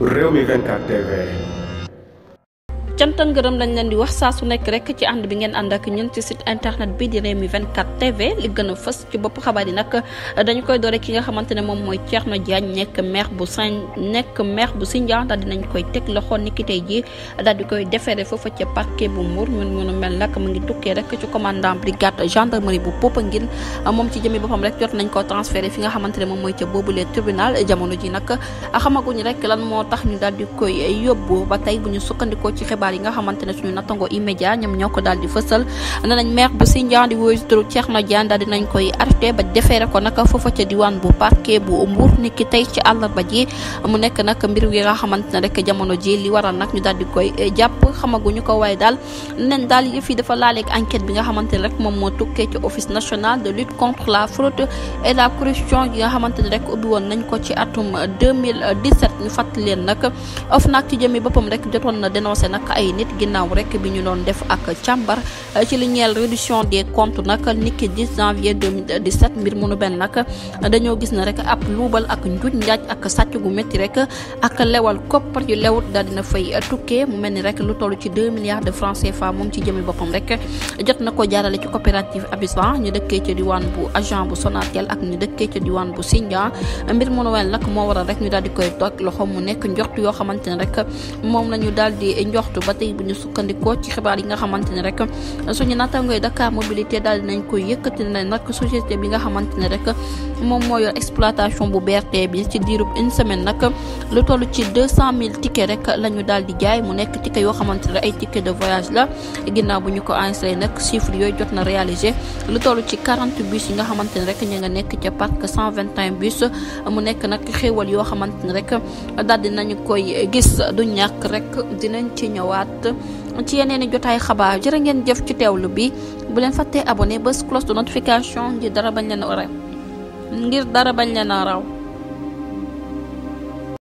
Rewmi 24 TV cantan ngërëm lañ leen di wax saa su nekk rek ci ànd bi ngeen ànd ak ñun ci site internet bi di Rewmi 24 TV li fës ci bopp xabaar yi nag dañu koy doore ki nga xamante ne moom mooy Thierno Diagne nekk maire bu Saint nekk maire bu Sindian daal dinañ koy teg loxo niki tey jii daal di koy defeere foofa ca parquet bu Mbour ñun mënu nag mu ngi tukkee rek ci commandant brigade gendarmerie bu Popenguine moom ci jëmi boppam rek jot nañ ko transféré fi nga xamante ne moom mooy ca boobule tribunal jamono ji a xamaguñu rek lan moo tax ñu daal di koy yóbbu ba tey bu ñu sukkandikoo ci xibaar xibaar yi nga xamante ne suñu nattango immédiat ñoom ñoo ko daal di fësal ne nañ maire bu Sindian di woyu turu Thierno Diane daal dinañ koy arrêté ba defeere ko nag foofa ca diwaan bu parquet bu Mbour ni tey ci àllarba ji mu nekk nag mbir yi nga xamante rek jamono ji li waral nag ñu daal koy eh, jàpp xamaguñu ko waaye daal nen daal yëf dafa laaleeg enquête bi nga xamante rek moom moo tukkee ci office national de lutte contre la fraude et la corruption yi nga ay nit ginnaaw rek bi ñu doon def ak càmbar eh, ci li ñeel réduction des comptes nag niki 10 janvier 2017 mbir mu nu benn nag dañoo gis na rek ab luubal ak njuuj njaaj ak sàcc gu metti rek ak lewal koppar yu lewut daal dina fay tukkee mu mel ni rek lu toll ci 2 milliards de francs CFA moom ci jëmi boppam rek jot na ko jaarale ci coopérative Abidjan ñu dëkkee ci diwaan bu agent bu Sonatel ak ñu dëkkee ci diwaan bu Sindian mbir mu nu wel nag moo waral rek ñu daal di koy toog loxo mu nekk njort yoo xamante ne rek moom la ñu daal di njort ba tey bu ñu sukkandikoo ci xibaar yi nga xamante ne rek suñu nattangooy Dakar mobilité daal dinañ koy yëkkati ne nag société bi nga xamante ne rek moom mooy yor exploitation bu BRT bi ci diirub une semaine nag lu toll ci deux cent mille tickets rek la ñu daal di jaay mu nekk ticket yoo xamante ne ay ticket de voyage la ginnaaw bu ñu ko enregistré nag chiffre yooyu jot na réalisé lu toll ci quarante bus yi nga xamante ne rek ñu nga nekk ca parc cent vingt et un bus mu nekk nag xéewal yoo xamante ne rek daal di nañu koy gis du ñàkk rek dinañ ci ñëwaat. ñëwaat ci yeneen i jotaay xabaar jërë ngeen jëf ci teew lu bi bu leen fàttee abone bés cloche de notification ngir dara bañ leen a ngir dara bañ leen a raw